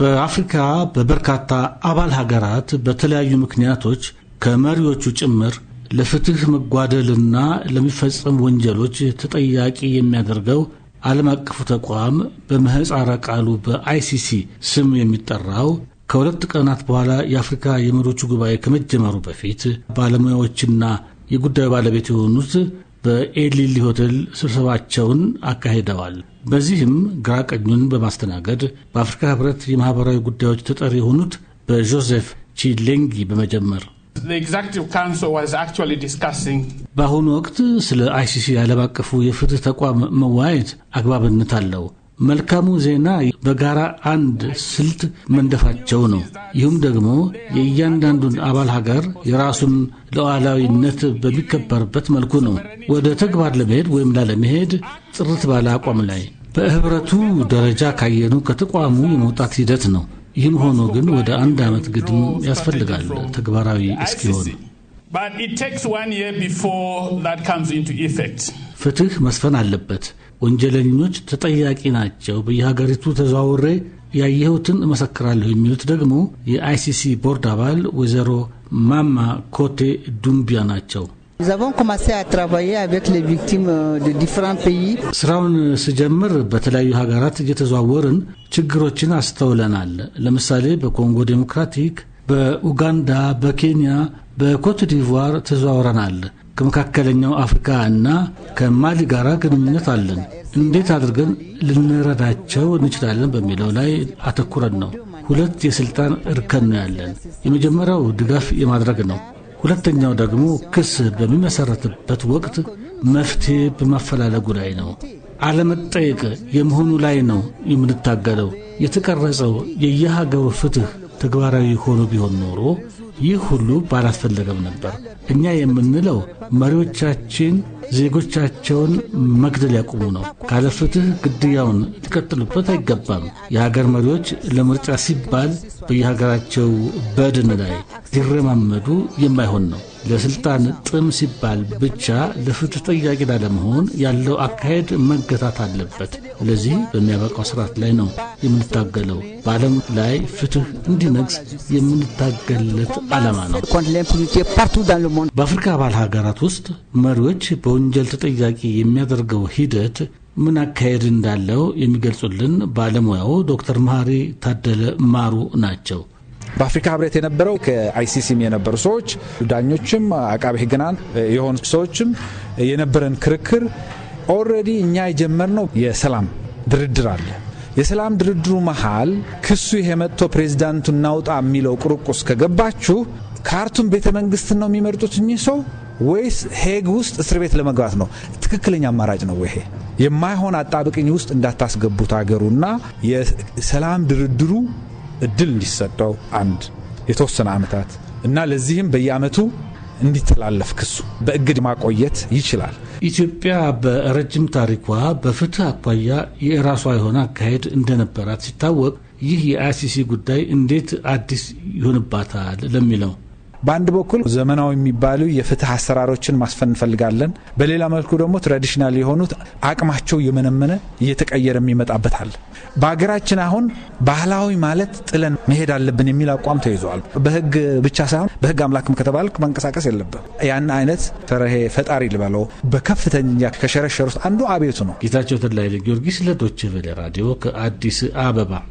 በአፍሪካ በበርካታ አባል ሀገራት በተለያዩ ምክንያቶች ከመሪዎቹ ጭምር ለፍትህ መጓደልና ለሚፈጸም ወንጀሎች ተጠያቂ የሚያደርገው ዓለም አቀፉ ተቋም በምህፃረ ቃሉ በአይሲሲ ስም የሚጠራው ከሁለት ቀናት በኋላ የአፍሪካ የመሪዎቹ ጉባኤ ከመጀመሩ በፊት ባለሙያዎችና የጉዳዩ ባለቤት የሆኑት በኤድሊሊ ሆቴል ስብሰባቸውን አካሂደዋል። በዚህም ግራ ቀኙን በማስተናገድ በአፍሪካ ህብረት የማህበራዊ ጉዳዮች ተጠሪ የሆኑት በጆሴፍ ቺሌንጊ በመጀመር በአሁኑ ወቅት ስለ አይሲሲ ዓለም አቀፉ የፍትህ ተቋም መወያየት አግባብነት አለው። መልካሙ ዜና በጋራ አንድ ስልት መንደፋቸው ነው። ይህም ደግሞ የእያንዳንዱን አባል ሀገር የራሱን ሉዓላዊነት በሚከበርበት መልኩ ነው። ወደ ተግባር ለመሄድ ወይም ላለመሄድ ጥርት ባለ አቋም ላይ በህብረቱ ደረጃ ካየኑ ከተቋሙ የመውጣት ሂደት ነው። ይህም ሆኖ ግን ወደ አንድ ዓመት ግድም ያስፈልጋል ተግባራዊ እስኪሆን ፍትህ መስፈን አለበት። ወንጀለኞች ተጠያቂ ናቸው። በየሀገሪቱ ተዘዋውሬ ያየሁትን እመሰክራለሁ የሚሉት ደግሞ የአይሲሲ ቦርድ አባል ወይዘሮ ማማ ኮቴ ዱምቢያ ናቸው። ስራውን ስጀምር በተለያዩ ሀገራት እየተዘዋወርን ችግሮችን አስተውለናል። ለምሳሌ በኮንጎ ዴሞክራቲክ፣ በኡጋንዳ፣ በኬንያ፣ በኮትዲቯር ተዘዋውረናል። ከመካከለኛው አፍሪካ እና ከማሊ ጋር ግንኙነት አለን። እንዴት አድርገን ልንረዳቸው እንችላለን በሚለው ላይ አተኩረን ነው። ሁለት የስልጣን እርከን ነው ያለን። የመጀመሪያው ድጋፍ የማድረግ ነው። ሁለተኛው ደግሞ ክስ በሚመሰረትበት ወቅት መፍትሄ በማፈላለጉ ላይ ነው። አለመጠየቅ የመሆኑ ላይ ነው የምንታገለው። የተቀረጸው የየሀገሩ ፍትህ ተግባራዊ ሆኖ ቢሆን ኖሮ ይህ ሁሉ ባላስፈለገም ነበር። እኛ የምንለው መሪዎቻችን ዜጎቻቸውን መግደል ያቁሙ ነው። ካለ ፍትህ ግድያውን ሊቀጥሉበት አይገባም። የሀገር መሪዎች ለምርጫ ሲባል በየሀገራቸው በድን ላይ ሊረማመዱ የማይሆን ነው። ለስልጣን ጥም ሲባል ብቻ ለፍትህ ጠያቂ ላለመሆን ያለው አካሄድ መገታት አለበት። ለዚህ በሚያበቃው ስርዓት ላይ ነው የምንታገለው። በዓለም ላይ ፍትህ እንዲነግስ የምንታገልለት ዓላማ ነው። በአፍሪካ አባል ሀገራት ውስጥ መሪዎች በወንጀል ተጠያቂ የሚያደርገው ሂደት ምን አካሄድ እንዳለው የሚገልጹልን ባለሙያው ዶክተር መሐሪ ታደለ ማሩ ናቸው። በአፍሪካ ህብረት የነበረው ከአይሲሲም የነበሩ ሰዎች ዳኞችም አቃቤ ህግናን የሆኑ ሰዎችም የነበረን ክርክር ኦልሬዲ እኛ የጀመርነው የሰላም ድርድር አለ። የሰላም ድርድሩ መሃል ክሱ ይሄ መጥቶ ፕሬዚዳንቱ እናውጣ የሚለው ቁርቁስ ከገባችሁ ካርቱም ቤተ መንግስትን ነው የሚመርጡት እኚህ ሰው ወይስ ሄግ ውስጥ እስር ቤት ለመግባት ነው ትክክለኛ አማራጭ ነው? ይሄ የማይሆን አጣብቅኝ ውስጥ እንዳታስገቡት አገሩና የሰላም ድርድሩ እድል እንዲሰጠው አንድ የተወሰነ ዓመታት እና ለዚህም በየዓመቱ እንዲተላለፍ ክሱ በእግድ ማቆየት ይችላል። ኢትዮጵያ በረጅም ታሪኳ በፍትህ አኳያ የራሷ የሆነ አካሄድ እንደነበራት ሲታወቅ ይህ የአይሲሲ ጉዳይ እንዴት አዲስ ይሆንባታል ለሚለው በአንድ በኩል ዘመናዊ የሚባሉ የፍትህ አሰራሮችን ማስፈን እንፈልጋለን። በሌላ መልኩ ደግሞ ትራዲሽናል የሆኑት አቅማቸው እየመነመነ እየተቀየረ የሚመጣበት አለ። በሀገራችን አሁን ባህላዊ ማለት ጥለን መሄድ አለብን የሚል አቋም ተይዘዋል። በህግ ብቻ ሳይሆን በህግ አምላክም ከተባልክ መንቀሳቀስ የለብም። ያን አይነት ፈረሄ ፈጣሪ ልበለው በከፍተኛ ከሸረሸሩት አንዱ አቤቱ ነው። ጌታቸው ተድላ ኃይለ ጊዮርጊስ ለዶይቼ ቬለ ራዲዮ ከአዲስ አበባ